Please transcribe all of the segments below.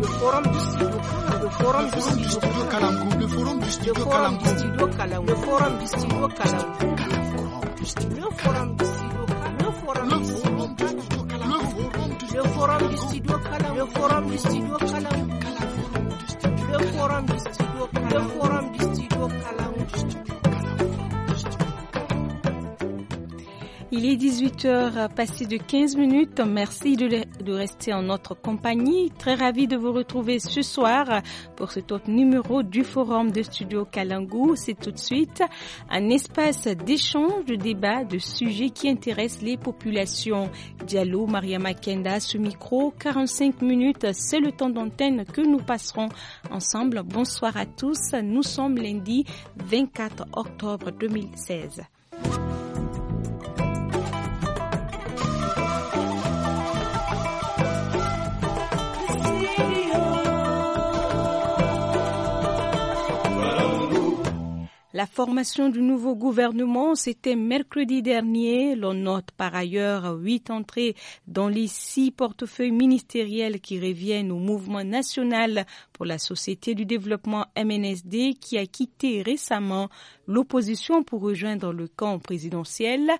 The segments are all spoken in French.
le forum du studio le forum du studio Kalamkou le forum du studio Kalamkou le forum du studio Kalamkou le forum du studio Kalamkou le forum du studio Kalamkou le forum du studio Kalamkou le forum du studio Kalamkou le forum du studio Kalamkou le forum forum forum forum forum forum du studio Kalamkou Il est 18h passé de 15 minutes. Merci de, rester en notre compagnie. Très ravi de vous retrouver ce soir pour cet autre numéro du Forum de Studio Kalangou. C'est tout de suite un espace d'échange, de débat, de sujets qui intéressent les populations. Diallo, Maria Makenda, ce micro, 45 minutes, c'est le temps d'antenne que nous passerons ensemble. Bonsoir à tous. Nous sommes lundi 24 octobre 2016. La formation du nouveau gouvernement, c'était mercredi dernier. L'on note par ailleurs huit entrées dans les six portefeuilles ministériels qui reviennent au mouvement national pour la Société du développement MNSD qui a quitté récemment l'opposition pour rejoindre le camp présidentiel.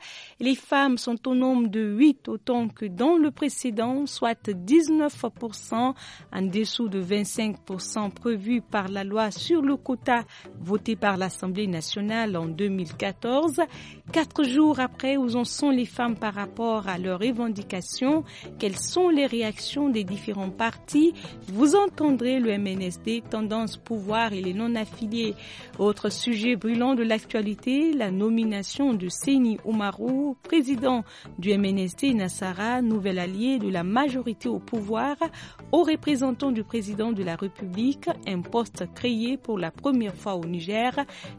Les femmes sont au nombre de 8 autant que dans le précédent, soit 19% en dessous de 25% prévu par la loi sur le quota votée par l'Assemblée nationale en 2014. Quatre jours après, où en sont les femmes par rapport à leurs revendications Quelles sont les réactions des différents partis Vous entendrez le MNSD MNSD, tendance, pouvoir et les non-affiliés. Autre sujet brûlant de l'actualité, la nomination de Seni Oumarou, président du MNSD Nassara, nouvel allié de la majorité au pouvoir, au représentant du président de la République, un poste créé pour la première fois au Niger,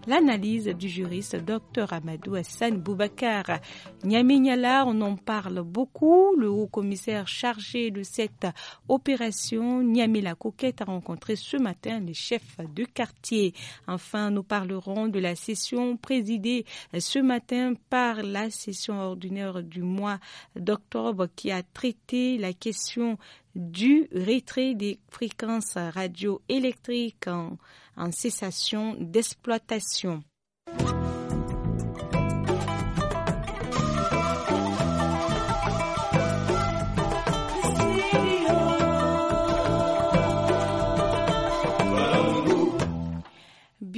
l'analyse du juriste Dr Amadou Hassan Boubacar. Niala, on en parle beaucoup. Le haut commissaire chargé de cette opération, Niamé la Coquette, a rencontré ce matin les chefs de quartier. Enfin, nous parlerons de la session présidée ce matin par la session ordinaire du mois d'octobre qui a traité la question du retrait des fréquences radioélectriques en cessation d'exploitation.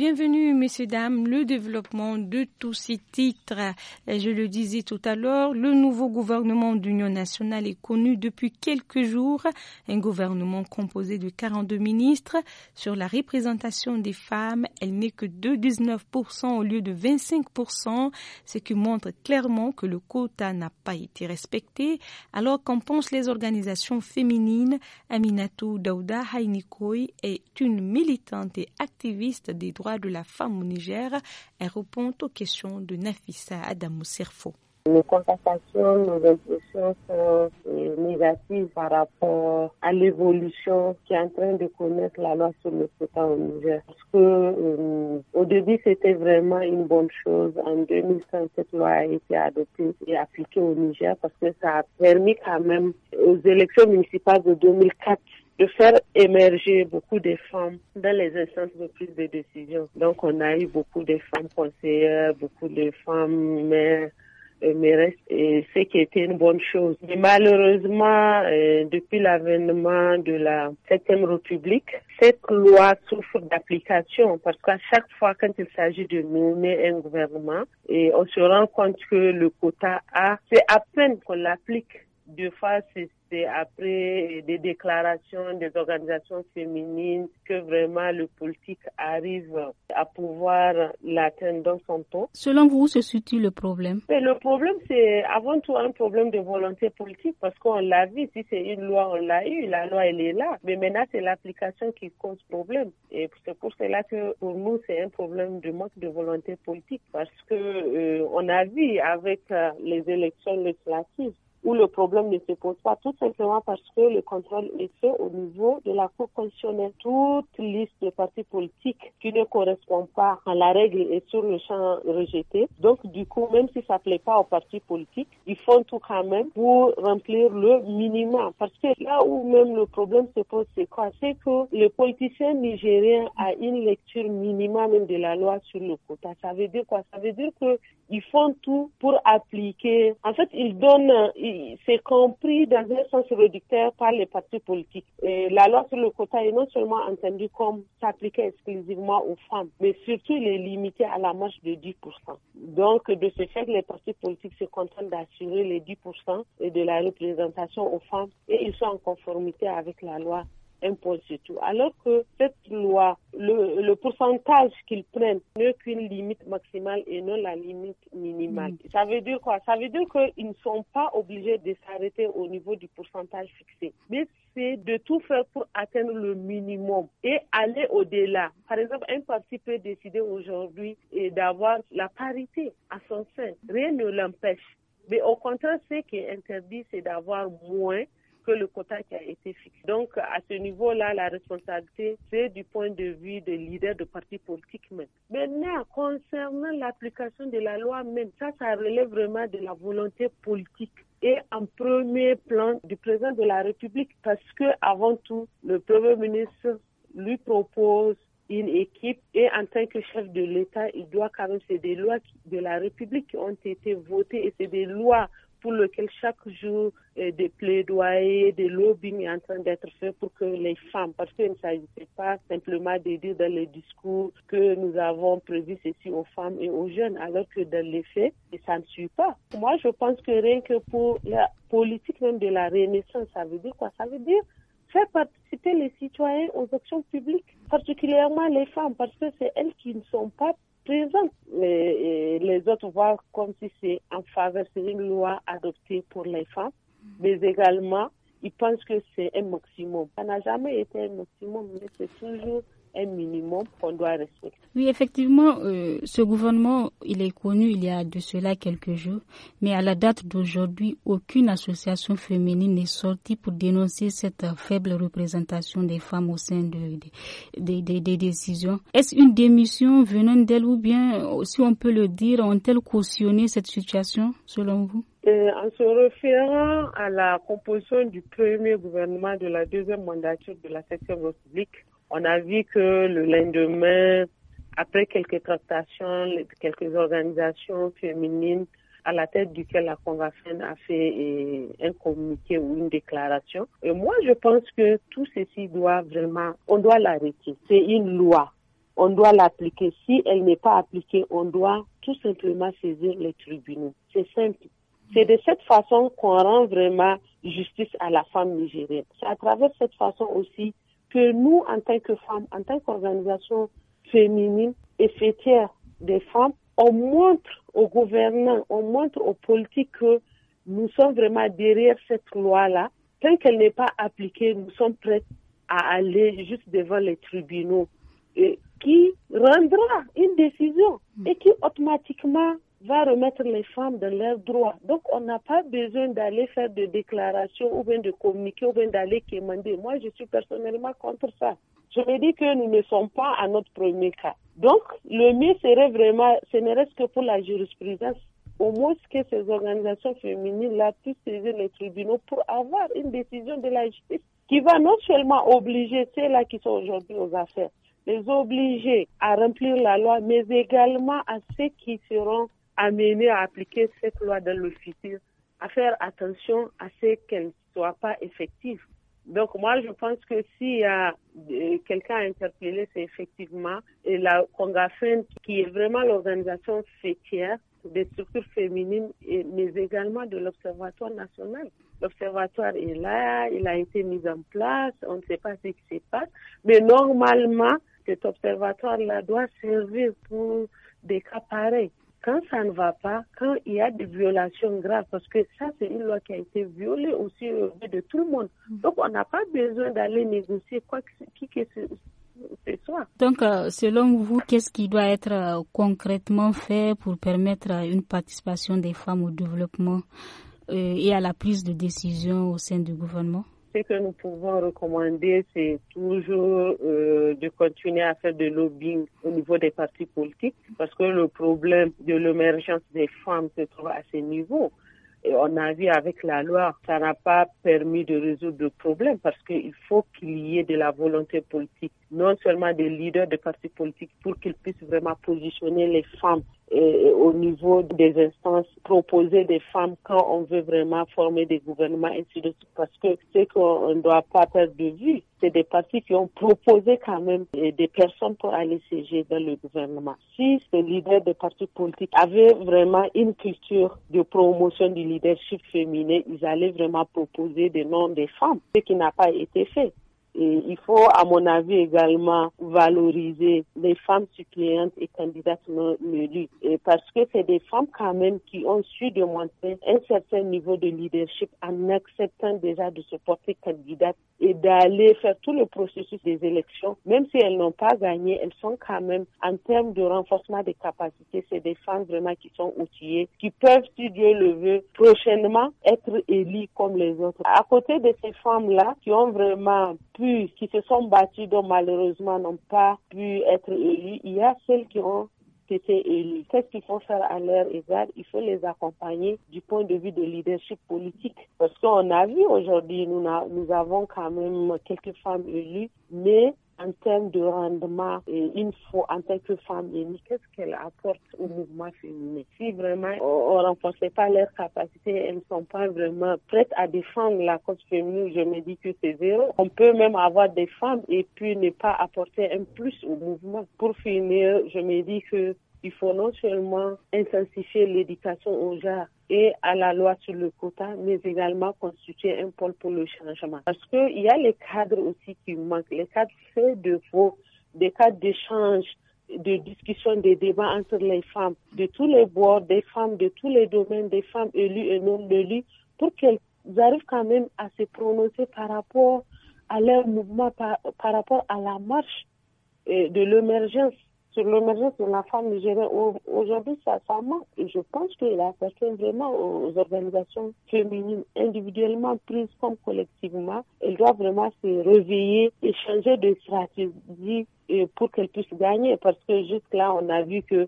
Bienvenue, messieurs, dames. Le développement de tous ces titres, je le disais tout à l'heure, le nouveau gouvernement d'union nationale est connu depuis quelques jours. Un gouvernement composé de 42 ministres. Sur la représentation des femmes, elle n'est que de 19% au lieu de 25%, ce qui montre clairement que le quota n'a pas été respecté. Alors qu'en pensent les organisations féminines, Aminatou dauda Hainikoy est une militante et activiste des droits de la femme au Niger. Elle répond aux questions de Nafissa Adamou Serfo. Nos constatations, nos impressions sont euh, négatives par rapport à l'évolution qui est en train de connaître la loi sur le soutien au Niger. Parce que euh, au début, c'était vraiment une bonne chose. En 2005, cette loi a été adoptée et appliquée au Niger parce que ça a permis quand même aux élections municipales de 2004 de faire émerger beaucoup de femmes dans les instances de prise de décision. Donc, on a eu beaucoup de femmes conseillères, beaucoup de femmes maires euh, et ce qui était une bonne chose. Mais malheureusement, euh, depuis l'avènement de la septième République, cette loi souffre d'application parce qu'à chaque fois quand il s'agit de nommer un gouvernement, et on se rend compte que le quota A, c'est à peine qu'on l'applique. Deux fois, c'est après des déclarations des organisations féminines que vraiment le politique arrive à pouvoir l'atteindre dans son temps. Selon vous, où se situe le problème Le problème, c'est avant tout un problème de volonté politique parce qu'on l'a vu. Si c'est une loi, on l'a eu. La loi, elle est là. Mais maintenant, c'est l'application qui cause problème. Et c'est pour cela que pour nous, c'est un problème de manque de volonté politique parce que euh, on a vu avec euh, les élections législatives où le problème ne se pose pas, tout simplement parce que le contrôle est fait au niveau de la Cour constitutionnelle. Toute liste de partis politiques qui ne correspond pas à la règle est sur le champ rejeté. Donc, du coup, même si ça ne plaît pas aux partis politiques, ils font tout quand même pour remplir le minimum. Parce que là où même le problème se pose, c'est quoi C'est que le politicien nigérien a une lecture minimum même de la loi sur le quota. Ça veut dire quoi Ça veut dire qu'ils font tout pour appliquer. En fait, ils donnent... C'est compris dans un sens réducteur par les partis politiques. la loi sur le quota est non seulement entendue comme s'appliquer exclusivement aux femmes, mais surtout elle est limité à la marge de 10%. Donc, de ce fait, les partis politiques se contentent d'assurer les 10% et de la représentation aux femmes et ils sont en conformité avec la loi impose tout. Alors que cette loi, le, pourcentage qu'ils prennent n'est qu'une limite maximale et non la limite minimale. Mm. Ça veut dire quoi Ça veut dire qu'ils ne sont pas obligés de s'arrêter au niveau du pourcentage fixé. Mais c'est de tout faire pour atteindre le minimum et aller au-delà. Par exemple, un parti peut décider aujourd'hui d'avoir la parité à son sein. Rien ne l'empêche. Mais au contraire, ce qui est interdit, c'est d'avoir moins que le quota qui a été fixé. Donc, à ce niveau-là, la responsabilité, c'est du point de vue des leaders de partis politiques même. Maintenant, concernant l'application de la loi même, ça, ça relève vraiment de la volonté politique et en premier plan du président de la République parce que avant tout, le Premier ministre lui propose une équipe et en tant que chef de l'État, il doit quand même, c'est des lois de la République qui ont été votées et c'est des lois pour lequel chaque jour euh, des plaidoyers, des lobbying sont en train d'être faits pour que les femmes, parce qu'il ne s'agissait pas simplement de dire dans les discours que nous avons prévu ceci aux femmes et aux jeunes, alors que dans les faits, ça ne suit pas. Moi, je pense que rien que pour la politique même de la Renaissance, ça veut dire quoi Ça veut dire faire participer les citoyens aux actions publiques, particulièrement les femmes, parce que c'est elles qui ne sont pas présente les, les autres voient comme si c'est en faveur, c'est une loi adoptée pour les femmes, mais également, ils pensent que c'est un maximum. Ça n'a jamais été un maximum, mais c'est toujours un minimum qu'on doit respecter. Oui, effectivement, euh, ce gouvernement, il est connu il y a de cela quelques jours, mais à la date d'aujourd'hui, aucune association féminine n'est sortie pour dénoncer cette faible représentation des femmes au sein des décisions. Est-ce une démission venant d'elle ou bien, si on peut le dire, ont-elles cautionné cette situation selon vous euh, en se référant à la composition du premier gouvernement de la deuxième mandature de la septième République, on a vu que le lendemain, après quelques tractations, quelques organisations féminines à la tête duquel la Convention a fait euh, un communiqué ou une déclaration. Et moi, je pense que tout ceci doit vraiment, on doit l'arrêter. C'est une loi. On doit l'appliquer. Si elle n'est pas appliquée, on doit tout simplement saisir les tribunaux. C'est simple. C'est de cette façon qu'on rend vraiment justice à la femme nigérienne. C'est à travers cette façon aussi que nous, en tant que femmes, en tant qu'organisation féminine et fêtière des femmes, on montre aux gouvernants, on montre aux politiques que nous sommes vraiment derrière cette loi-là. Tant qu'elle n'est pas appliquée, nous sommes prêts à aller juste devant les tribunaux et qui rendra une décision et qui automatiquement va remettre les femmes dans leurs droits. Donc, on n'a pas besoin d'aller faire de déclarations ou bien de communiquer ou bien d'aller commander. Moi, je suis personnellement contre ça. Je me dis que nous ne sommes pas à notre premier cas. Donc, le mieux serait vraiment, ce ne reste que pour la jurisprudence, au moins que ces organisations féminines-là puissent saisir les tribunaux pour avoir une décision de la justice qui va non seulement obliger celles là qui sont aujourd'hui aux affaires, les obliger à remplir la loi, mais également à ceux qui seront amener à appliquer cette loi dans le futur, à faire attention à ce qu'elle ne soit pas effective. Donc moi, je pense que s'il y a euh, quelqu'un à interpeller, c'est effectivement la Congafen, qui est vraiment l'organisation fêtière des structures féminines, mais également de l'Observatoire national. L'Observatoire est là, il a été mis en place, on ne sait pas ce qui se passe, mais normalement, cet observatoire-là doit servir pour des cas pareils quand ça ne va pas, quand il y a des violations graves, parce que ça, c'est une loi qui a été violée aussi au de tout le monde. Mhm. Donc, on n'a pas besoin d'aller négocier quoi que, qui que ce soit. Donc, euh, selon vous, qu'est-ce qui doit être euh, concrètement fait pour permettre euh, une participation des femmes au développement et à la prise de décision au sein du gouvernement ce que nous pouvons recommander, c'est toujours euh, de continuer à faire du lobbying au niveau des partis politiques, parce que le problème de l'émergence des femmes se trouve à ce niveau. Et on a vu avec la loi, ça n'a pas permis de résoudre le problème parce qu'il faut qu'il y ait de la volonté politique, non seulement des leaders de partis politiques pour qu'ils puissent vraiment positionner les femmes au niveau des instances proposer des femmes quand on veut vraiment former des gouvernements, ainsi de suite. Parce que ce qu'on ne doit pas perdre de vue, c'est des partis qui ont proposé quand même des personnes pour aller siéger dans le gouvernement. Si les leaders des partis politiques avaient vraiment une culture de promotion du leadership féminin, ils allaient vraiment proposer des noms des femmes, ce qui n'a pas été fait il faut, à mon avis, également valoriser les femmes suppléantes et candidates non élues. Parce que c'est des femmes quand même qui ont su démontrer un certain niveau de leadership en acceptant déjà de se porter candidate et d'aller faire tout le processus des élections. Même si elles n'ont pas gagné, elles sont quand même, en termes de renforcement des capacités, c'est des femmes vraiment qui sont outillées, qui peuvent, si Dieu le veut, prochainement être élues comme les autres. À côté de ces femmes-là qui ont vraiment qui se sont battus dont malheureusement n'ont pas pu être élus, il y a celles qui ont été élus. Qu'est-ce qu'il faut faire à leur égard Il faut les accompagner du point de vue de leadership politique. Parce qu'on a vu aujourd'hui, nous, nous avons quand même quelques femmes élues, mais en termes de rendement et une en tant que femme qu'est-ce qu'elle apporte au mouvement féminin. Si vraiment on ne renforçait pas leurs capacités, elles ne sont pas vraiment prêtes à défendre la cause féminine, je me dis que c'est zéro. On peut même avoir des femmes et puis ne pas apporter un plus au mouvement. Pour finir, je me dis que il faut non seulement intensifier l'éducation aux gens et à la loi sur le quota, mais également constituer un pôle pour le changement. Parce qu'il y a les cadres aussi qui manquent, les cadres faits de vos, des cadres d'échange, de discussion, des débats entre les femmes, de tous les bords, des femmes, de tous les domaines, des femmes élues et non élues, pour qu'elles arrivent quand même à se prononcer par rapport à leur mouvement, par, par rapport à la marche euh, de l'émergence sur l'émergence de la femme nigérienne. Aujourd'hui, ça, ça manque. Et je pense que la question vraiment aux organisations féminines, individuellement prises comme collectivement. Elles doivent vraiment se réveiller et changer de stratégie euh, pour qu'elles puissent gagner. Parce que jusque-là, on a vu que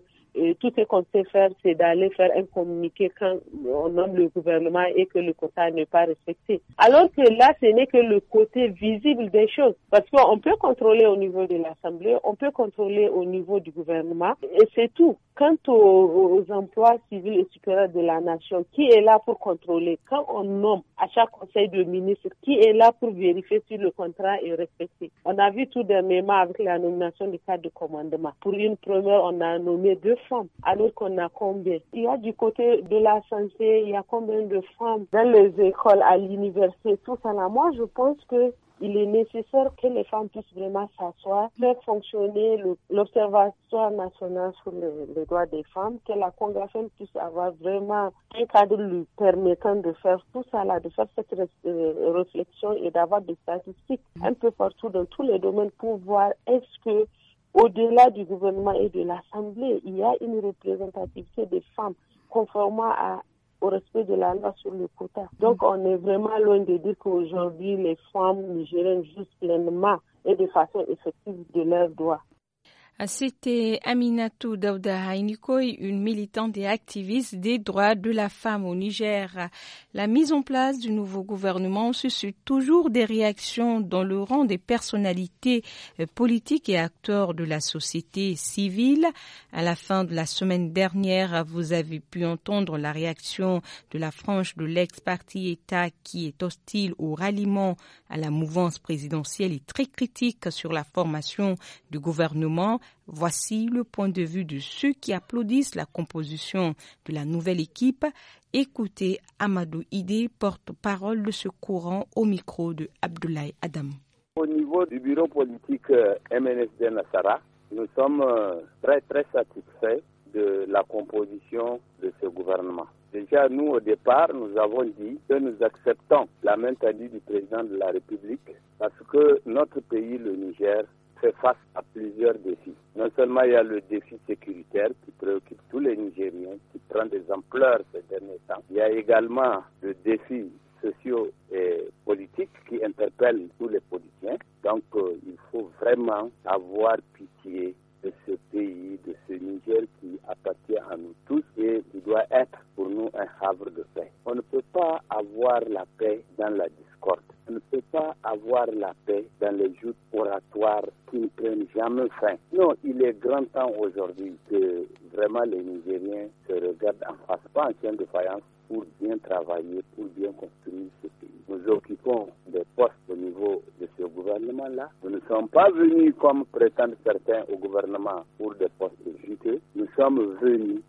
tout ce qu'on sait faire, c'est d'aller faire un communiqué quand on nomme le gouvernement et que le quota n'est pas respecté. Alors que là, ce n'est que le côté visible des choses. Parce qu'on peut contrôler au niveau de l'Assemblée, on peut contrôler au niveau du gouvernement, et c'est tout. Quant aux, emplois civils et supérieurs de la nation, qui est là pour contrôler Quand on nomme à chaque conseil de ministre, qui est là pour vérifier si le contrat est respecté On a vu tout même avec la nomination du cadre de commandement. Pour une première, on a nommé deux alors qu'on a combien Il y a du côté de la santé, il y a combien de femmes dans les écoles, à l'université, tout ça là. Moi, je pense que il est nécessaire que les femmes puissent vraiment s'asseoir, faire fonctionner l'Observatoire national sur les, droits des femmes, que la Congrégation puisse avoir vraiment un cadre lui permettant de faire tout ça, là, de faire cette euh, réflexion et d'avoir des statistiques un peu partout dans tous les domaines pour voir est-ce que au-delà du gouvernement et de l'Assemblée, il y a une représentativité des femmes conformément au respect de la loi sur le quota. Donc on est vraiment loin de dire qu'aujourd'hui les femmes gèrent juste pleinement et de façon effective de leurs droits. C'était Aminatou Daouda Hainikoy, une militante et activiste des droits de la femme au Niger. La mise en place du nouveau gouvernement suscite toujours des réactions dans le rang des personnalités euh, politiques et acteurs de la société civile. À la fin de la semaine dernière, vous avez pu entendre la réaction de la frange de l'ex-parti État qui est hostile au ralliement à la mouvance présidentielle et très critique sur la formation du gouvernement. Voici le point de vue de ceux qui applaudissent la composition de la nouvelle équipe. Écoutez Amadou Idé, porte-parole de ce courant au micro de Abdoulaye Adam. Au niveau du bureau politique euh, MNSD Nassara, nous sommes euh, très très satisfaits de la composition de ce gouvernement. Déjà, nous, au départ, nous avons dit que nous acceptons la main tendue du président de la République parce que notre pays, le Niger, fait face à plusieurs défis. Non seulement il y a le défi sécuritaire qui préoccupe tous les Nigériens, qui prend des ampleurs ces derniers temps. Il y a également le défi socio et qui interpelle tous les politiciens. Donc euh, il faut vraiment avoir pitié de ce pays, de ce Niger qui appartient à nous tous et qui doit être pour nous un havre de paix. On ne peut pas avoir la paix dans la on ne peut pas avoir la paix dans les joutes oratoires qui ne prennent jamais fin. Non, il est grand temps aujourd'hui que vraiment les Nigériens se regardent en face, pas en chien de faïence, pour bien travailler, pour bien construire ce pays. Nous occupons des postes au niveau de ce gouvernement-là. Nous ne sommes pas venus, comme prétendent certains, au gouvernement pour des postes de Nous sommes venus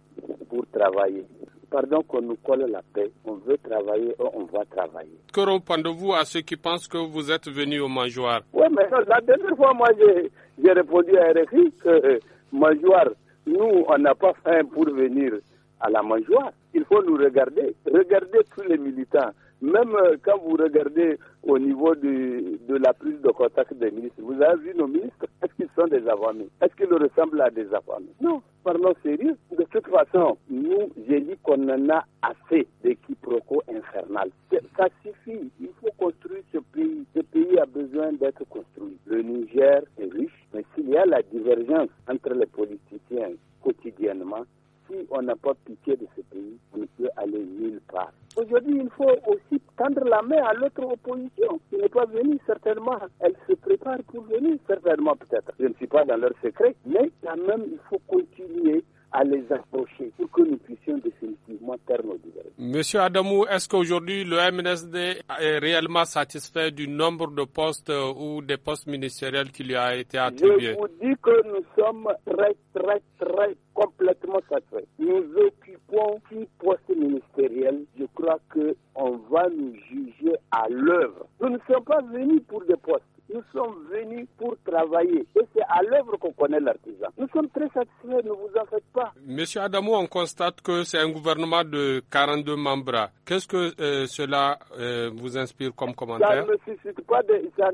pour travailler pardon qu'on nous colle la paix. On veut travailler, oh, on va travailler. Que répondez-vous à ceux qui pensent que vous êtes venus au mangeoire Oui, mais la dernière fois, moi, j'ai répondu à RFI que euh, nous, on n'a pas faim pour venir à la mangeoire. Il faut nous regarder, regarder tous les militants. Même euh, quand vous regardez au niveau de, de la prise de contact des ministres, vous avez vu nos ministres, est-ce qu'ils sont des avamis? Est-ce qu'ils ressemblent à des affamés Non, parlons sérieux. De toute façon, nous, j'ai dit qu'on en a assez des infernal. infernales. Ça suffit, il faut construire ce pays. Ce pays a besoin d'être construit. Le Niger est riche, mais s'il y a la divergence entre les politiciens quotidiennement, si on n'a pas pitié de ce pays, on ne peut aller nulle part. Aujourd'hui, il faut aussi tendre la main à l'autre opposition qui n'est pas venue, certainement. Elle se prépare pour venir, certainement peut-être. Je ne suis pas dans leur secret, mais quand même, il faut continuer à les approcher pour que nous puissions définitivement faire nos Monsieur Adamou, est-ce qu'aujourd'hui le MNSD est réellement satisfait du nombre de postes euh, ou des postes ministériels qui lui a été attribués Je vous dis que nous sommes très, très, très complètement satisfaits. Nous occupons six postes ministériels. Je crois qu'on va nous juger à l'œuvre. Nous ne sommes pas venus pour des postes. Nous sommes venus pour travailler et c'est à l'œuvre qu'on connaît l'artisan. Nous sommes très satisfaits, ne vous en faites pas. Monsieur Adamou, on constate que c'est un gouvernement de 42 membres. Qu'est-ce que euh, cela euh, vous inspire comme commentaire ça ne, me suscite pas de, ça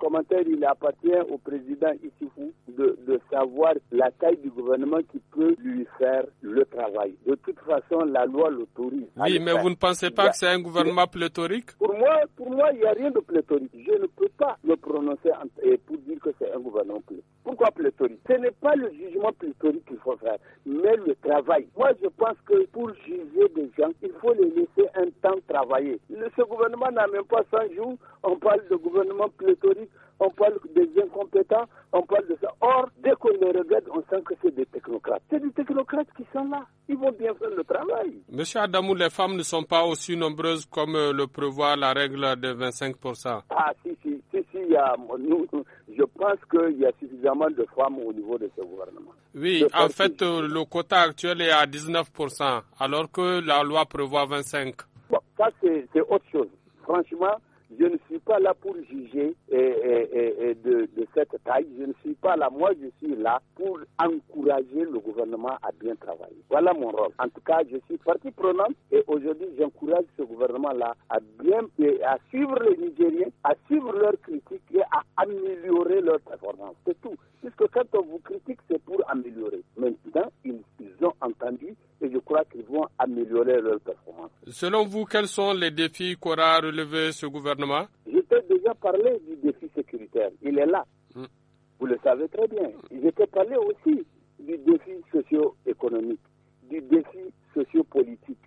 commentaires. Il appartient au président Issifou de, de savoir la taille du gouvernement qui peut lui faire le travail. De toute façon, la loi l'autorise. Oui, mais vous ne pensez pas que c'est un gouvernement pléthorique Pour moi, pour moi, il n'y a rien de pléthorique. Je ne peux pas le prononcer pour dire que c'est un gouvernement pléthorique. Pourquoi pléthorique Ce n'est pas le jugement pléthorique qu'il faut faire, mais le travail. Moi, je pense que pour juger des gens, il faut les laisser un temps travailler. ce gouvernement n'a même pas 100 jours. On parle de gouvernement pléthorique, on parle des incompétents, on parle de ça. Or, dès qu'on les regarde, on sent que c'est des technocrates. C'est des technocrates qui sont là. Ils vont bien faire le travail. Monsieur Adamou, les femmes ne sont pas aussi nombreuses comme euh, le prévoit la règle de 25%. Ah, si, si je pense qu'il y a suffisamment de femmes au niveau de ce gouvernement. Oui, en fait, euh, le quota actuel est à 19%, alors que la loi prévoit 25%. ça, c'est autre chose. Franchement, je ne suis pas là pour juger eh, eh, eh, de, cette taille. Je ne suis pas là. Moi, je suis là pour encourager le gouvernement à bien travailler. Voilà mon rôle. En tout cas, je suis partie prenante et aujourd'hui, j'encourage ce gouvernement-là à bien à suivre les Nigériens, à suivre leurs critiques et à améliorer leur performance. leur performance. Selon vous, quels sont les défis qu'aura relever ce gouvernement Je déjà parlé du défi sécuritaire. Il est là. Hmm. Vous le savez très bien. J'étais parlé aussi du défi socio-économique, du défi socio-politique.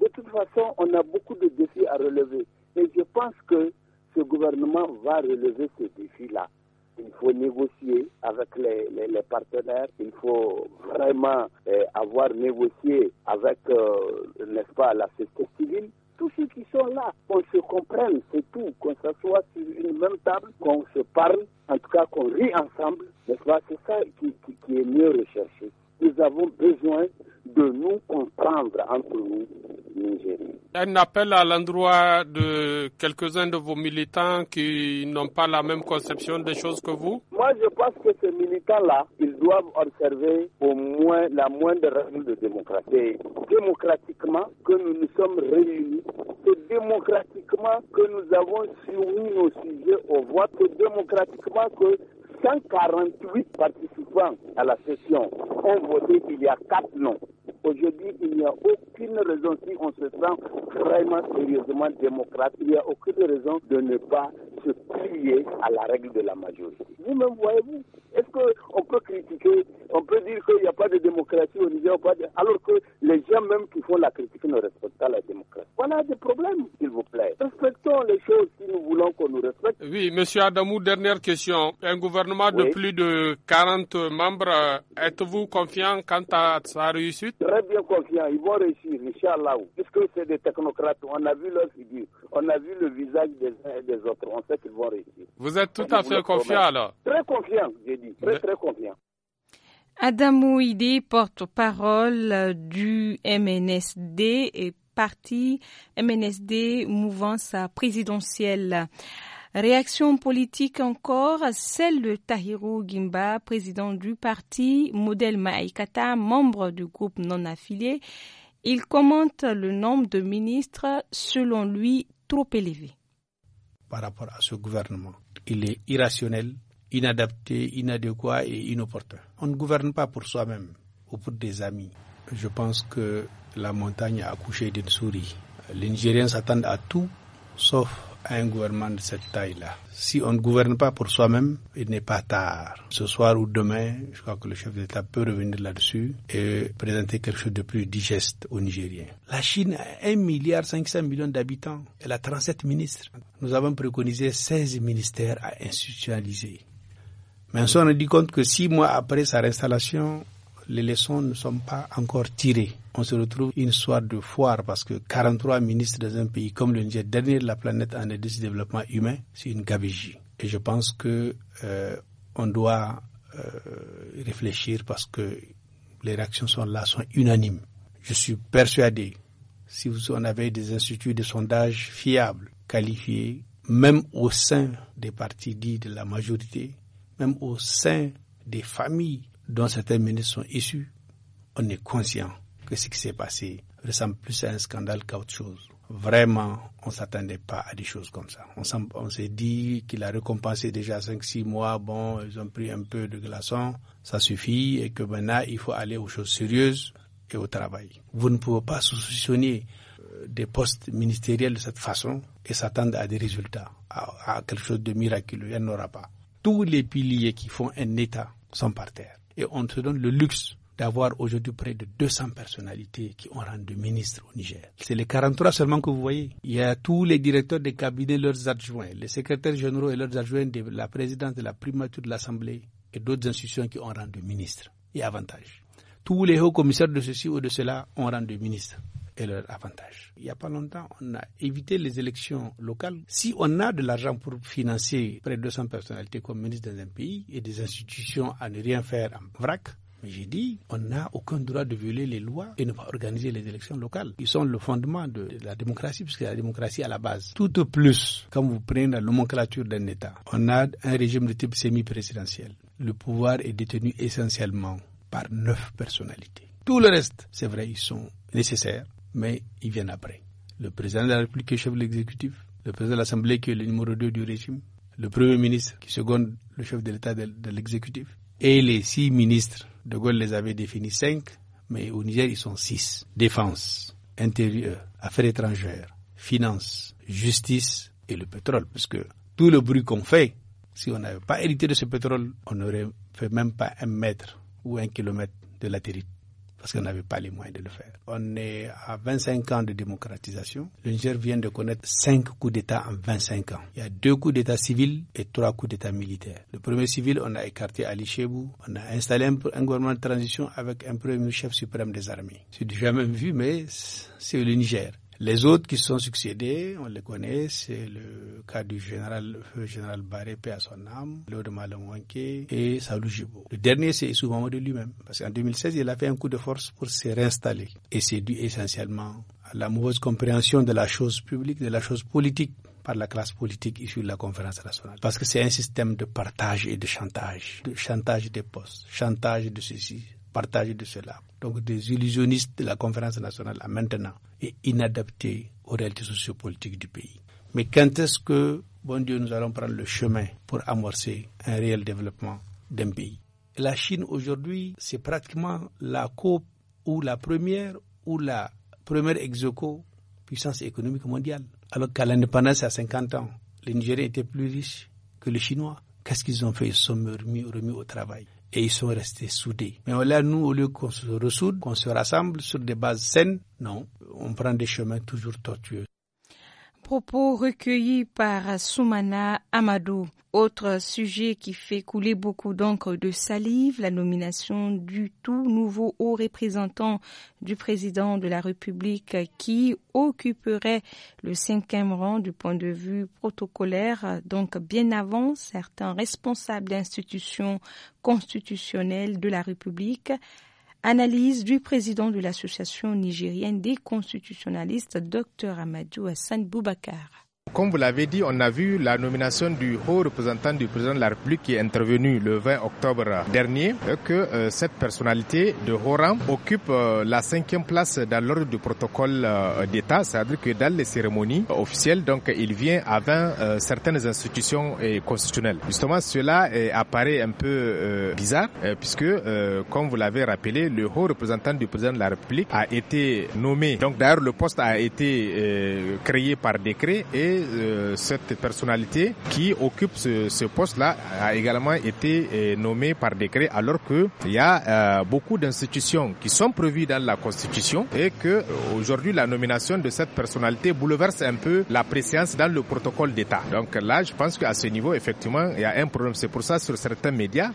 De toute façon, on a beaucoup de défis à relever. Et je pense que ce gouvernement va relever ces défis-là faut négocier avec les, partenaires, il faut vraiment euh, avoir négocié avec, euh, n'est-ce pas, la société civile tous ceux qui sont là, qu'on se comprenne, c'est tout, qu'on s'assoit sur une même table, qu'on se parle, en tout cas qu'on rit ensemble, n'est-ce pas C'est ça qui, qui, est mieux recherché. Nous avons besoin de nous comprendre entre nous, un appel à l'endroit de quelques-uns de vos militants qui n'ont pas la même conception des choses que vous Moi, je pense que ces militants-là, ils doivent observer au moins la moindre règle de démocratie. démocratiquement que nous nous sommes réunis. C'est démocratiquement que nous avons soumis nos sujets au vote. C'est démocratiquement que 148 participants à la session ont voté il y a quatre noms. Aujourd'hui, il n'y a aucune raison, si on se sent vraiment sérieusement démocrate, il n'y a aucune raison de ne pas se plier à la règle de la majorité. Vous-même, voyez-vous, est-ce qu'on peut critiquer, on peut dire qu'il n'y a pas de démocratie au Niger, alors que les gens même qui font la critique ne respectent pas la démocratie Voilà des problèmes, s'il vous plaît. Respectons les choses si nous voulons qu'on nous respecte. Oui, Monsieur Adamou, dernière question. Un gouvernement de plus de 40 membres, êtes-vous confiant quant à sa réussite Très bien confiant, ils vont réussir, Lau. puisque c'est des technocrates. On a vu leur figure, on a vu le visage des uns et des autres, on sait qu'ils vont réussir. Vous êtes tout à fait confiant alors Très confiant, Adam porte-parole euh, du MNSD et parti MNSD mouvant sa présidentielle. Réaction politique encore, celle de Tahiro Gimba, président du parti, modèle Maïkata, membre du groupe non affilié. Il commente le nombre de ministres, selon lui, trop élevé. Par rapport à ce gouvernement, il est irrationnel, inadapté, inadéquat et inopportun. On ne gouverne pas pour soi-même ou pour des amis. Je pense que la montagne a accouché d'une souris. Les Nigériens s'attendent à tout sauf à un gouvernement de cette taille-là. Si on ne gouverne pas pour soi-même, il n'est pas tard. Ce soir ou demain, je crois que le chef d'État peut revenir là-dessus et présenter quelque chose de plus digeste aux Nigériens. La Chine a 1,5 milliard millions d'habitants. Elle a 37 ministres. Nous avons préconisé 16 ministères à institutionnaliser. Mais on s'est rendu compte que six mois après sa réinstallation, les leçons ne sont pas encore tirées. On se retrouve une soirée de foire parce que 43 ministres dans un pays comme le Niger, dernier de la planète en aide de développement humain, c'est une gabegie. Et je pense que euh, on doit euh, réfléchir parce que les réactions sont là, sont unanimes. Je suis persuadé, si vous en avez des instituts de sondage fiables, qualifiés, même au sein des partis dits de la majorité, même au sein des familles dont certains ministres sont issus, on est conscient que ce qui s'est passé ressemble plus à un scandale qu'à autre chose. Vraiment, on ne s'attendait pas à des choses comme ça. On s'est dit qu'il a récompensé déjà 5-6 mois, bon, ils ont pris un peu de glaçons ça suffit, et que maintenant, il faut aller aux choses sérieuses et au travail. Vous ne pouvez pas solutionner euh, des postes ministériels de cette façon et s'attendre à des résultats, à, à quelque chose de miraculeux. Il n'y en aura pas tous les piliers qui font un État sont par terre. Et on se donne le luxe d'avoir aujourd'hui près de 200 personnalités qui ont rendu ministre au Niger. C'est les 43 seulement que vous voyez. Il y a tous les directeurs des cabinets, leurs adjoints, les secrétaires généraux et leurs adjoints de la présidence de la primature de l'Assemblée et d'autres institutions qui ont rendu ministre. Et avantage. Tous les hauts commissaires de ceci ou de cela ont rendu ministre et leur avantage. Il n'y a pas longtemps, on a évité les élections locales. Si on a de l'argent pour financer près de 200 personnalités communistes dans un pays et des institutions à ne rien faire en vrac, j'ai dit, on n'a aucun droit de violer les lois et ne pas organiser les élections locales. Ils sont le fondement de la démocratie, puisque la démocratie à la base. Tout au plus, quand vous prenez la nomenclature d'un État, on a un régime de type semi-présidentiel. Le pouvoir est détenu essentiellement par neuf personnalités. Tout le reste, c'est vrai, ils sont nécessaires, mais ils viennent après. Le président de la République qui est chef de l'exécutif, le président de l'Assemblée qui est le numéro 2 du régime, le premier ministre qui seconde le chef de l'État de, l'exécutif, et les six ministres. De Gaulle les avait définis cinq, mais au Niger, ils sont six. Défense, intérieur, affaires étrangères, finances, justice et le pétrole, parce que tout le bruit qu'on fait, si on n'avait pas hérité de ce pétrole, on n'aurait fait même pas un mètre ou un kilomètre de la territoire parce qu'on n'avait pas les moyens de le faire. On est à 25 ans de démocratisation. Le Niger vient de connaître 5 coups d'État en 25 ans. Il y a deux coups d'État civils et trois coups d'État militaires. Le premier civil, on a écarté Ali Chebou. On a installé un, un, gouvernement de transition avec un premier chef suprême des armées. C'est déjà même vu, mais c'est le Niger. Les autres qui sont succédés, on les connaît, c'est le cas du général, le général Baré, paix à son âme, Lord et Saoulou Jibo. Le dernier, c'est souvent de lui-même, parce qu'en 2016, il a fait un coup de force pour se réinstaller. Et c'est dû essentiellement à la mauvaise compréhension de la chose publique, de la chose politique par la classe politique issue de la conférence nationale. Parce que c'est un système de partage et de chantage, de chantage des postes, chantage de ceci, partager de cela. Donc des illusionnistes de la conférence nationale à maintenant et inadaptés aux réalités sociopolitiques du pays. Mais quand est-ce que, bon Dieu, nous allons prendre le chemin pour amorcer un réel développement d'un pays La Chine aujourd'hui, c'est pratiquement la co ou la première ou la première ex puissance économique mondiale. Alors qu'à l'indépendance, à 50 ans, les Nigériens étaient plus riches que les Chinois. Qu'est-ce qu'ils ont fait Ils se sont remis au travail et ils sont restés soudés. Mais là, nous, au lieu qu'on se ressoude, qu'on se rassemble sur des bases saines, non, on prend des chemins toujours tortueux propos recueillis par Soumana Amadou. Autre sujet qui fait couler beaucoup d'encre de salive, la nomination du tout nouveau haut représentant du président de la République qui occuperait le cinquième rang du point de vue protocolaire, donc bien avant certains responsables d'institutions constitutionnelles de la République Analyse du président de l'Association nigérienne des constitutionnalistes, Dr Amadou Hassan Boubacar. Comme vous l'avez dit, on a vu la nomination du haut représentant du président de la République qui est intervenu le 20 octobre dernier, que euh, cette personnalité de haut rang occupe euh, la cinquième place dans l'ordre du protocole euh, d'État, c'est-à-dire que dans les cérémonies officielles, donc il vient avant certaines institutions et constitutionnelles. Justement, cela apparaît un peu bizarre, puisque, comme vous l'avez rappelé, le haut représentant du président de la République a été nommé. Donc d'ailleurs, le poste a été créé par décret et euh, cette personnalité qui occupe ce, poste-là a également été euh, nommée par décret alors qu'il y a euh, beaucoup d'institutions qui sont prévues dans la Constitution et que aujourd'hui la nomination de cette personnalité bouleverse un peu la préséance dans le protocole d'État. Donc là, je pense qu'à ce niveau, effectivement, il y a un problème. C'est pour ça, sur certains médias,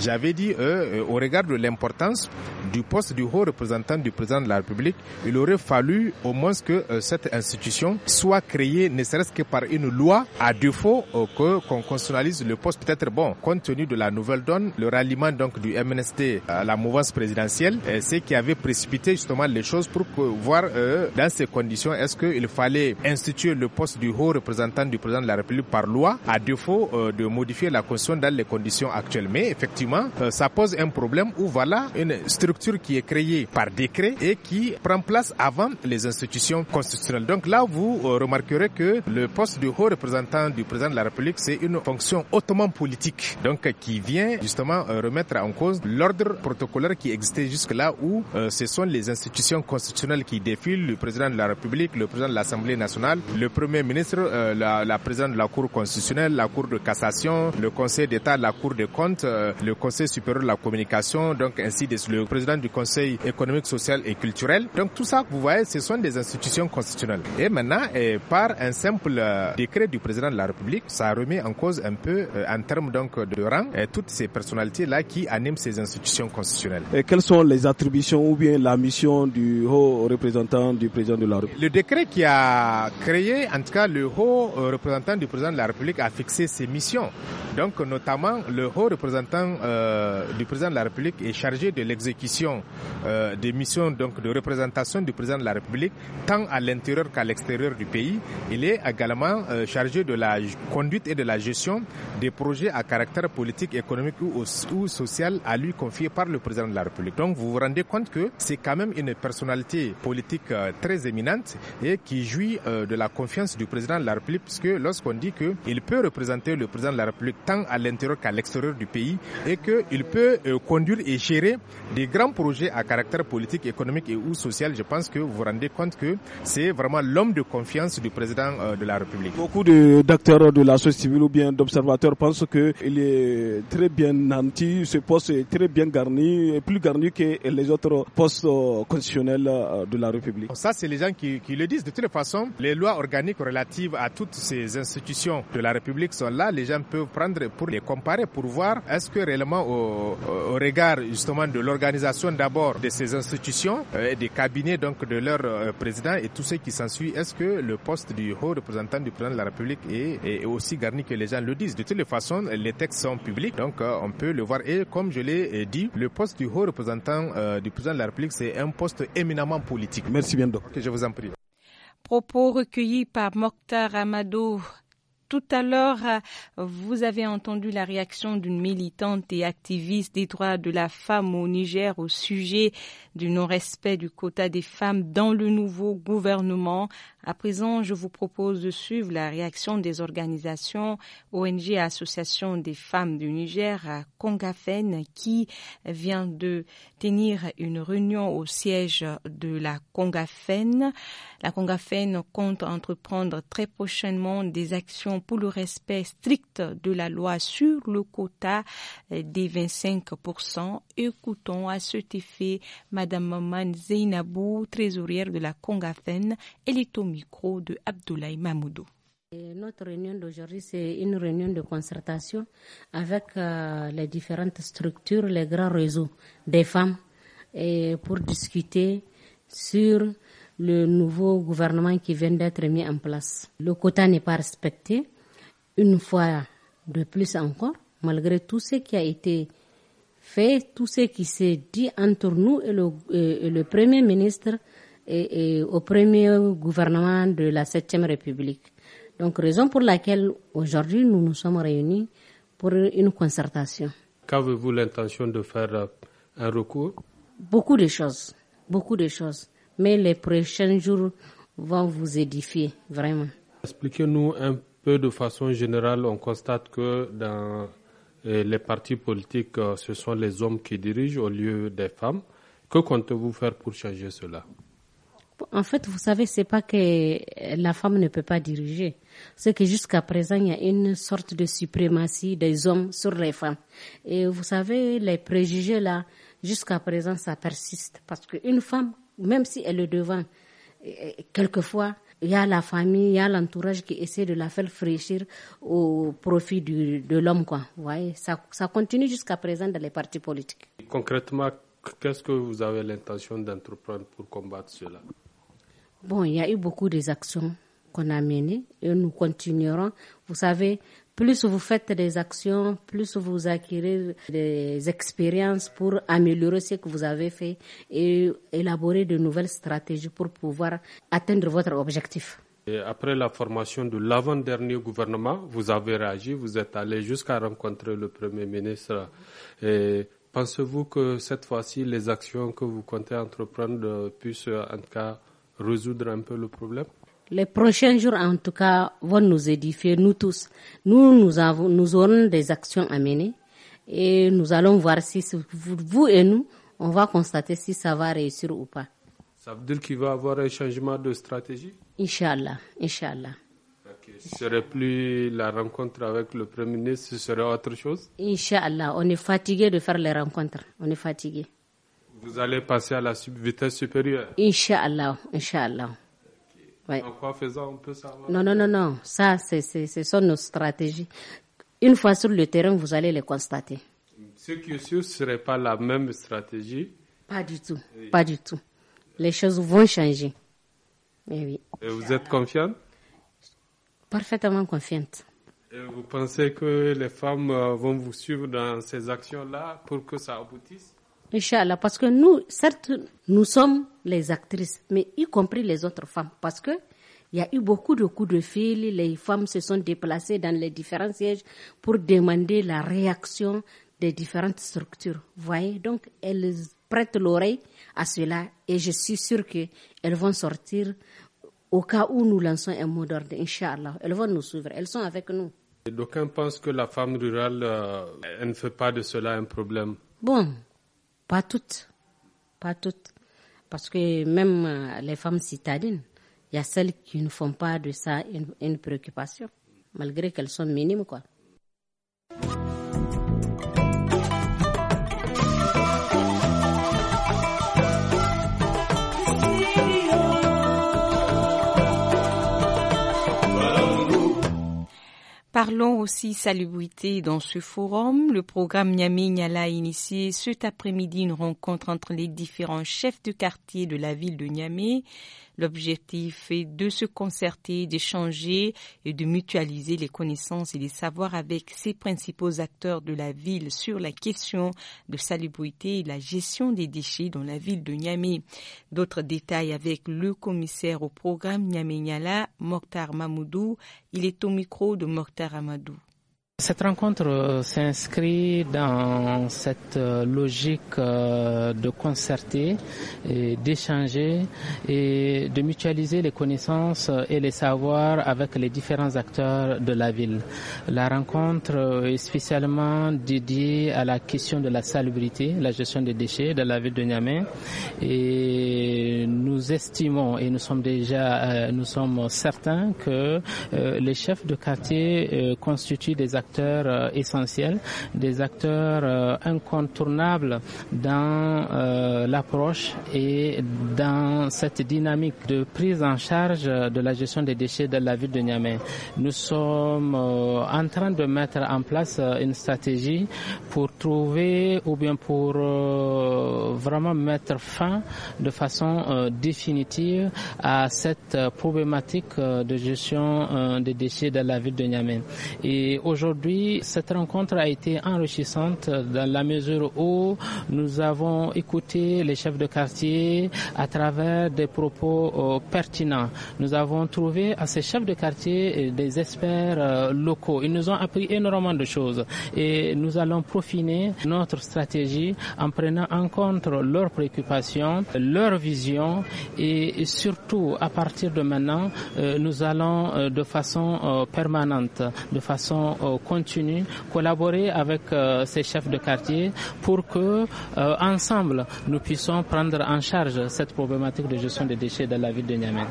j'avais dit, au regard de l'importance du poste du haut représentant du président de la République, il aurait fallu au moins que cette institution soit créée, nécessairement serait-ce que par une loi, à défaut euh, que qu'on constitutionnalise le poste. Peut-être bon, compte tenu de la nouvelle donne, le ralliement donc du MNST à la mouvance présidentielle, euh, c'est qui avait précipité justement les choses pour voir euh, dans ces conditions est-ce qu'il fallait instituer le poste du haut représentant du président de la République par loi, à défaut euh, de modifier la constitution dans les conditions actuelles. Mais effectivement, ça pose un problème où voilà une structure qui est créée par décret et qui prend place avant les institutions constitutionnelles. Donc là, vous remarquerez que le poste de haut représentant du président de la République, c'est une fonction hautement politique, donc qui vient justement euh, remettre en cause l'ordre protocolaire qui existait jusque-là où euh, ce sont les institutions constitutionnelles qui défilent, le président de la République, le président de l'Assemblée nationale, le Premier ministre, euh, la, la, présidente de la Cour constitutionnelle, la Cour de cassation, le Conseil d'État, la Cour des comptes, le Conseil supérieur de la communication, donc ainsi le président du Conseil économique, social et culturel. Donc tout ça, vous voyez, ce sont des institutions constitutionnelles. Et maintenant, par un simple le euh, décret du président de la République, ça remet en cause un peu, euh, en termes donc de rang, euh, toutes ces personnalités-là qui animent ces institutions constitutionnelles. Et quelles sont les attributions ou bien la mission du haut représentant du président de la République Le décret qui a créé, en tout cas, le haut représentant du président de la République a fixé ses missions. Donc, notamment, le haut représentant du président de la République est chargé de l'exécution des missions donc de représentation du président de la République, tant à l'intérieur qu'à l'extérieur du pays. Il est également euh, chargé de la conduite et de la gestion des projets à caractère politique, économique ou, social à lui confié par le président de la République. Donc vous vous rendez compte que c'est quand même une personnalité politique euh, très éminente et qui jouit euh, de la confiance du président de la République puisque lorsqu'on dit qu'il peut représenter le président de la République tant à l'intérieur qu'à l'extérieur du pays et qu'il peut conduire et gérer des grands projets à caractère politique, économique et ou social, je pense que vous vous rendez compte que c'est vraiment l'homme de confiance du président de de la République. Beaucoup d'acteurs de la société civile ou bien d'observateurs pensent qu'il est très bien nanti, ce poste est très bien garni, plus garni que les autres postes euh, constitutionnels euh, de la République. Ça, c'est les gens qui, le disent. De toute façon, les lois organiques relatives à toutes ces institutions de la République sont là. Les gens peuvent prendre pour les comparer, pour voir est-ce que réellement, au, regard justement de l'organisation d'abord de ces institutions, euh, des cabinets donc de leur président et tout ce qui s'ensuit, est-ce que le poste du haut de représentant du président de la République et, aussi garni que les gens le disent. De toutes les façons, les textes sont publics, donc euh, on peut le voir. Et comme je l'ai euh, dit, le poste du haut représentant euh, du président de la République, c'est un poste éminemment politique. Merci bien, donc, je vous en prie. Propos recueillis par Mokhtar Amado. tout à l'heure, vous avez entendu la réaction d'une militante et activiste des droits de la femme au Niger au sujet du non-respect du quota des femmes dans le nouveau gouvernement à présent, je vous propose de suivre la réaction des organisations ONG Association des femmes du Niger à Congafen qui vient de tenir une réunion au siège de la Congafen. La Congafen compte entreprendre très prochainement des actions pour le respect strict de la loi sur le quota euh, des 25%. Écoutons à cet effet Madame Maman Zeynabou, trésorière de la Congafen, et les micro de Abdoulaye Mamoudou. notre réunion d'aujourd'hui, c'est une réunion de concertation avec euh, les différentes structures, les grands réseaux des femmes, pour discuter sur le nouveau gouvernement qui vient d'être mis en place. Le quota n'est pas respecté, une fois de plus encore, malgré tout ce qui a été fait, tout ce qui s'est dit entre nous et le Premier ministre et, au premier gouvernement de la 7e République. Donc, raison pour laquelle aujourd'hui nous nous sommes réunis pour une concertation. Qu'avez-vous l'intention de faire euh, un recours Beaucoup de choses, beaucoup de choses. Mais les prochains jours vont vous édifier, vraiment. Expliquez-nous un peu de façon générale, on constate que dans euh, les partis politiques, euh, ce sont les hommes qui dirigent au lieu des femmes. Que comptez-vous faire pour changer cela en fait, vous savez, c'est pas que euh, la femme ne peut pas diriger. C'est que jusqu'à présent, il y a une sorte de suprématie des hommes sur les femmes. Et vous savez, les préjugés là, jusqu'à présent, ça persiste. Parce qu'une femme, même si elle est devant, euh, quelquefois, il y a la famille, il y a l'entourage qui essaie de la faire fraîchir au profit de l'homme, quoi. Vous ça continue jusqu'à présent dans les partis politiques. Concrètement, qu'est-ce que vous avez l'intention d'entreprendre pour combattre cela Bon, il y a eu beaucoup des actions qu'on a menées et nous continuerons. Vous savez, plus vous faites des actions, plus vous acquérez des expériences pour améliorer ce que vous avez fait et élaborer de nouvelles stratégies pour pouvoir atteindre votre objectif. Et après la formation de l'avant-dernier gouvernement, vous avez réagi, vous êtes allé jusqu'à rencontrer le Premier ministre. Et pensez-vous que cette fois-ci, les actions que vous comptez entreprendre puissent en cas résoudre un peu le problème les prochains jours, en tout cas, vont nous édifier, nous tous. Nous, nous, avons, nous aurons des actions à mener et nous allons voir si vous et nous, on va constater si ça va réussir ou pas. Ça veut dire qu'il va y avoir un changement de stratégie Inch'Allah, Inch'Allah. Ce Ce serait plus la rencontre avec le Premier ministre, ce serait autre chose Inch'Allah, on est fatigué de faire les rencontres, on est fatigué. Vous allez passer à la vitesse supérieure Inch'Allah, Inch'Allah. En quoi faisons-nous ça Non, non, non, non. Ça, ce sont nos stratégies. Une fois sur le terrain, vous allez les constater. Ce qui est sûr, ne serait pas la même stratégie Pas du tout, pas du tout. Les choses vont changer. Mais oui. Et vous êtes confiante Parfaitement confiante. Et vous pensez que les femmes euh, vont vous suivre dans ces actions-là pour que ça aboutisse Inch'Allah, parce que nous, certes, nous sommes les actrices, mais y compris les autres femmes, parce que il y a eu beaucoup de coups de fil, les femmes se sont déplacées dans les différents sièges pour demander la réaction des différentes structures. Vous voyez, donc elles prêtent l'oreille à cela et je suis sûre qu'elles vont sortir au cas où nous lançons un mot d'ordre, Inch'Allah. Elles vont nous suivre, elles sont avec nous. D'aucuns pensent que la femme rurale, euh, elle ne fait pas de cela un problème. Bon, pas toutes. Pas toutes. Parce que même euh, les femmes citadines, il y a celles qui ne font pas de ça une, une préoccupation, malgré qu'elles sont minimes, quoi. Parlons aussi salubrité dans ce forum. Le programme Niamey Niala a initié cet après-midi une rencontre entre les différents chefs de quartier de la ville de Niamey. L'objectif est de se concerter, d'échanger et de mutualiser les connaissances et les savoirs avec ses principaux acteurs de la ville sur la question de salubrité et la gestion des déchets dans la ville de Niamey. D'autres détails avec le commissaire au programme Niamey Niala, Mokhtar Mamoudou. Il est au micro de Mokhtar Amadou. Cette rencontre euh, s'inscrit dans cette euh, logique euh, de concerter, et d'échanger et de mutualiser les connaissances et les savoirs avec les différents acteurs de la ville. La rencontre est spécialement dédiée à la question de la salubrité, la gestion des déchets de la ville de Niamey et nous estimons et nous sommes déjà, nous sommes certains que les chefs de quartier constituent des acteurs acteurs euh, essentiels, des acteurs euh, incontournables dans euh, l'approche et dans cette dynamique de prise en charge de la gestion des déchets de la ville de Niamey. Nous sommes en train de mettre en place une stratégie pour trouver ou bien pour vraiment mettre fin de façon définitive à cette problématique de gestion des déchets de la ville de Niamey. Et aujourd'hui, aujourd'hui, cette rencontre a été enrichissante dans la mesure où nous avons écouté les chefs de quartier à travers des propos euh, pertinents. Nous avons trouvé à ces chefs de quartier euh, des experts euh, locaux. Ils nous ont appris énormément de choses et nous allons profiner notre stratégie en prenant en compte leurs préoccupations, leur vision et surtout à partir de maintenant, nous allons de façon permanente, de façon continue, collaborer avec euh, ces chefs de quartier pour que euh, ensemble nous puissions prendre en charge cette problématique de gestion des déchets dans la ville de Niamey.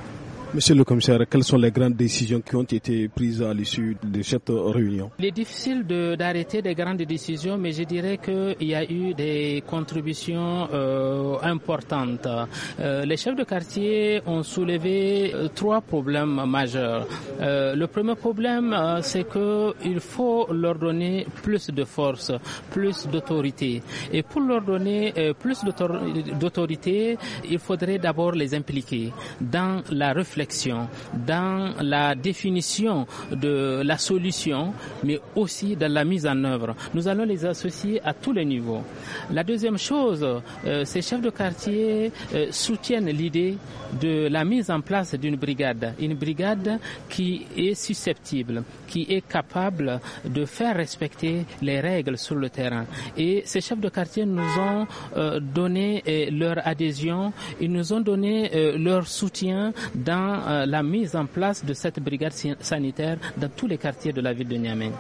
Monsieur le commissaire, quelles sont les grandes décisions qui ont été prises à l'issue de cette réunion Il est difficile d'arrêter des grandes décisions, mais je dirais qu'il y a eu des contributions euh, importantes. Euh, les chefs de quartier ont soulevé euh, trois problèmes majeurs. le premier problème, c'est qu'il faut leur donner plus de force, plus d'autorité. Et pour leur donner plus d'autorité, il faudrait d'abord les impliquer dans la réflexion dans la définition de la solution, mais aussi dans la mise en œuvre. Nous allons les associer à tous les niveaux. La deuxième chose, euh, ces chefs de quartier euh, soutiennent l'idée de la mise en place d'une brigade, une brigade qui est susceptible, qui est capable de faire respecter les règles sur le terrain. Et ces chefs de quartier nous ont euh, donné leur adhésion, ils nous ont donné leur soutien dans euh, la mise en place de cette brigade sanitaire dans tous les quartiers de la ville de Niamey.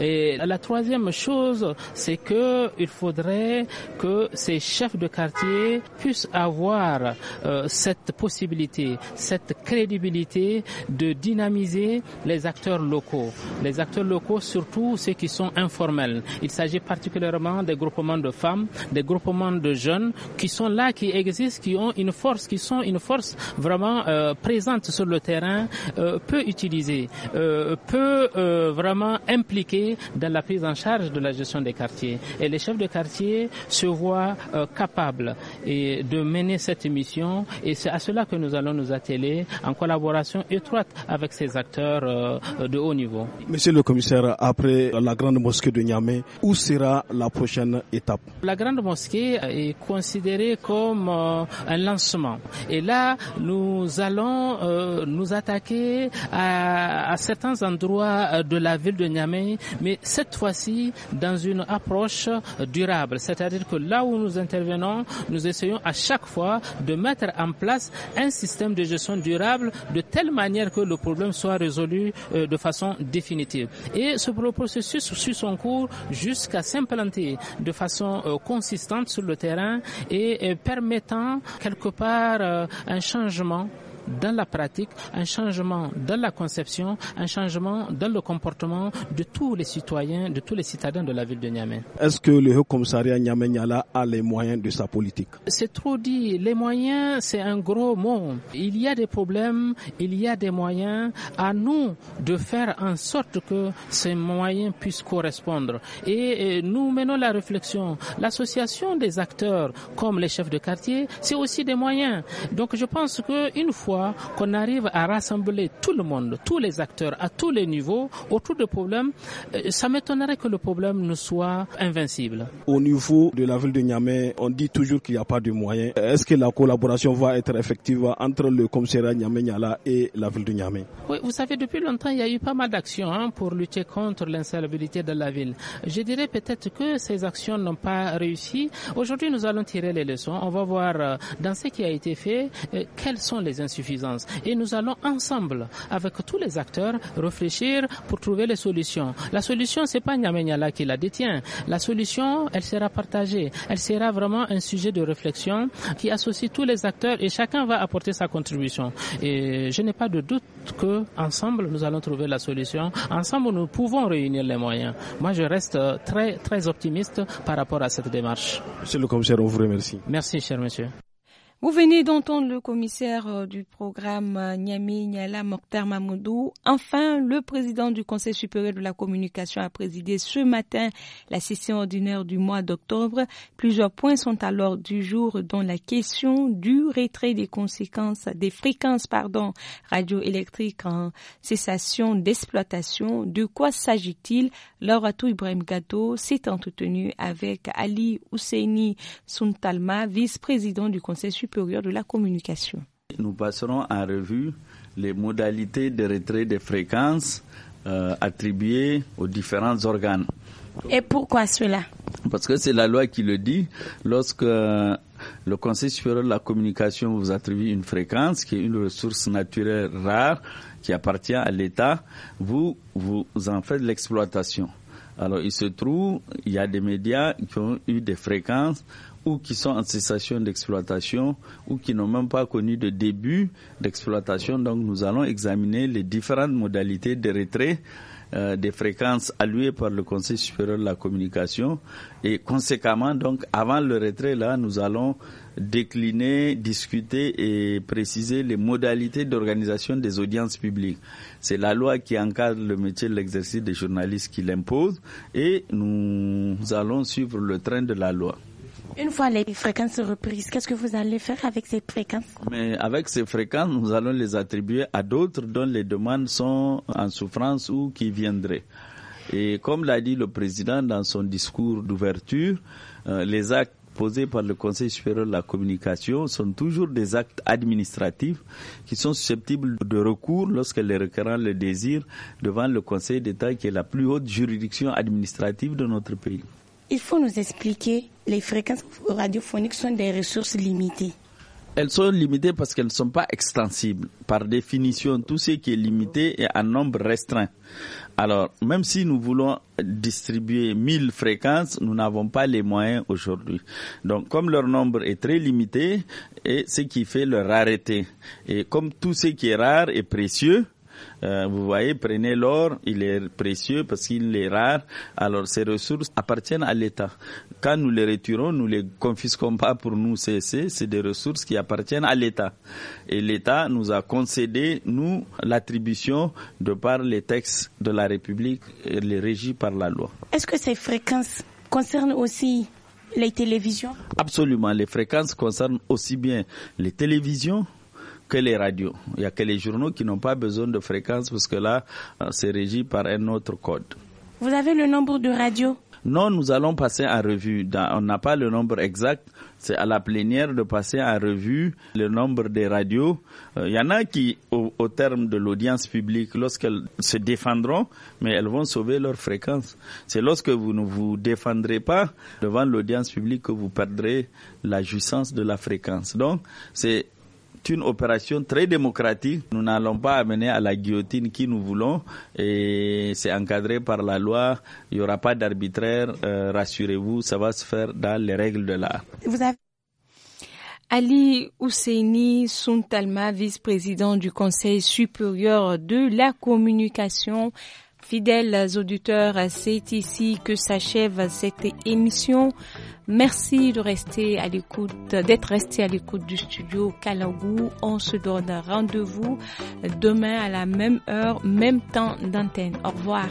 Et la troisième chose, c'est que il faudrait que ces chefs de quartier puissent avoir euh, cette possibilité, cette crédibilité de dynamiser les acteurs locaux. Les acteurs locaux, surtout ceux qui sont informels. Il s'agit particulièrement des groupements de femmes, des groupements de jeunes qui sont là, qui existent, qui ont une force, qui sont une force vraiment euh, présente sur le terrain euh, peut utiliser, euh, peut euh, vraiment impliquer dans la prise en charge de la gestion des quartiers. Et les chefs de quartier se voient capables de mener cette mission et c'est à cela que nous allons nous atteler en collaboration étroite avec ces acteurs de haut niveau. Monsieur le commissaire, après la grande mosquée de Niamey, où sera la prochaine étape La grande mosquée est considérée comme un lancement. Et là, nous allons euh, nous attaquer à, certains endroits euh, de la ville de Niamey, mais cette fois-ci dans une approche euh, durable. C'est-à-dire que là où nous intervenons, nous essayons à chaque fois de mettre en place un système de gestion durable de telle manière que le problème soit résolu de façon définitive. Et ce processus suit son cours jusqu'à s'implanter de façon consistante sur le terrain et permettant quelque part un changement dans la pratique, un changement dans la conception, un changement dans le comportement de tous les citoyens, de tous les citadins de la ville de Niamey. Est-ce que le Haut Commissariat Niamey-Niala a les moyens de sa politique C'est trop dit. Les moyens, c'est un gros mot. Il y a des problèmes, il y a des moyens. À nous de faire en sorte que ces moyens puissent correspondre. Et nous menons la réflexion. L'association des acteurs, comme les chefs de quartier, c'est aussi des moyens. Donc je pense qu'une fois qu'on arrive à rassembler tout le monde, tous les acteurs à tous les niveaux autour de problèmes, euh, ça m'étonnerait que le problème ne soit invincible. Au niveau de la ville de Niamey, on dit toujours qu'il n'y a pas de moyens. Est-ce que la collaboration va être effective entre le commissariat Niamey-Niala et la ville de Niamey Oui, vous savez, depuis longtemps, il y a eu pas mal d'actions hein, pour lutter contre l'insalubrité de la ville. Je dirais peut-être que ces actions n'ont pas réussi. Aujourd'hui, nous allons tirer les leçons. On va voir euh, dans ce qui a été fait, euh, quels sont les insuffisances et nous allons ensemble, avec tous les acteurs, réfléchir pour trouver les solutions. La solution, c'est pas Nyamenyala qui la détient. La solution, elle sera partagée. Elle sera vraiment un sujet de réflexion qui associe tous les acteurs et chacun va apporter sa contribution. Et je n'ai pas de doute que ensemble nous allons trouver la solution. Ensemble, nous pouvons réunir les moyens. Moi, je reste très très optimiste par rapport à cette démarche. Monsieur le commissaire, on vous remercie. Merci, cher monsieur. Vous venez d'entendre le commissaire euh, du programme euh, Niamey Niala Mokhtar Mamoudou. Enfin, le président du Conseil supérieur de la communication a présidé ce matin la session ordinaire du mois d'octobre. Plusieurs points sont à l'ordre du jour, dont la question du retrait des conséquences des fréquences pardon, radioélectriques en cessation d'exploitation. De quoi s'agit-il L'oratou Ibrahim Gato s'est entretenu avec Ali Husseini Suntalma, vice-président du Conseil supérieur de la communication. Nous passerons en revue les modalités de retrait des fréquences euh, attribuées aux différents organes. Et pourquoi cela Parce que c'est la loi qui le dit. Lorsque euh, le Conseil supérieur de la communication vous attribue une fréquence qui est une ressource naturelle rare qui appartient à l'État, vous, vous en faites l'exploitation. Alors il se trouve, il y a des médias qui ont eu des fréquences ou qui sont en cessation d'exploitation ou qui n'ont même pas connu de début d'exploitation. Donc nous allons examiner les différentes modalités de retrait euh, des fréquences allouées par le Conseil supérieur de la communication. Et conséquemment, donc, avant le retrait, là, nous allons décliner, discuter et préciser les modalités d'organisation des audiences publiques. C'est la loi qui encadre le métier de l'exercice des journalistes qui l'impose et nous allons suivre le train de la loi. Une fois les fréquences reprises, qu'est-ce que vous allez faire avec ces fréquences Mais avec ces fréquences, nous allons les attribuer à d'autres dont les demandes sont en souffrance ou qui viendraient. Et comme l'a dit le président dans son discours d'ouverture, euh, les actes posés par le Conseil supérieur de la communication sont toujours des actes administratifs qui sont susceptibles de recours lorsque les requérants le désirent devant le Conseil d'État qui est la plus haute juridiction administrative de notre pays. Il faut nous expliquer, les fréquences radiophoniques sont des ressources limitées. Elles sont limitées parce qu'elles ne sont pas extensibles. Par définition, tout ce qui est limité est en nombre restreint. Alors, même si nous voulons distribuer 1000 fréquences, nous n'avons pas les moyens aujourd'hui. Donc, comme leur nombre est très limité, et ce qui fait leur rareté. Et comme tout ce qui est rare est précieux, euh, vous voyez, prenez l'or, il est précieux parce qu'il est rare. Alors ces ressources appartiennent à l'État. Quand nous les retirons, nous les confisquons pas pour nous cesser. C'est des ressources qui appartiennent à l'État. Et l'État nous a concédé, nous, l'attribution de par les textes de la République et les régis par la loi. Est-ce que ces fréquences concernent aussi les télévisions Absolument. Les fréquences concernent aussi bien les télévisions que les radios. Il y a que les journaux qui n'ont pas besoin de fréquence parce que là, euh, c'est régi par un autre code. Vous avez le nombre de radios non, nous allons passer en revue. on n'a pas le nombre exact. C'est à la plénière de passer en revue le nombre des radios. Euh, il y en a qui, au, au terme de l'audience publique, lorsqu'elles se défendront, mais elles vont sauver leur fréquence. C'est lorsque vous ne vous défendrez pas devant l'audience publique que vous perdrez la jouissance de la fréquence. Donc, c'est c'est une opération très démocratique. Nous n'allons pas amener à la guillotine qui nous voulons et c'est encadré par la loi. Il n'y aura pas d'arbitraire. Euh, rassurez-vous, ça va se faire dans les règles de l'art. Ali Ousseini Suntalma, vice-président du Conseil supérieur de la communication, Fidèles auditeurs, c'est ici que s'achève cette émission. Merci de rester à l'écoute, d'être resté à l'écoute du studio Kalangou. On se donne rendez-vous demain à la même heure, même temps d'antenne. Au revoir.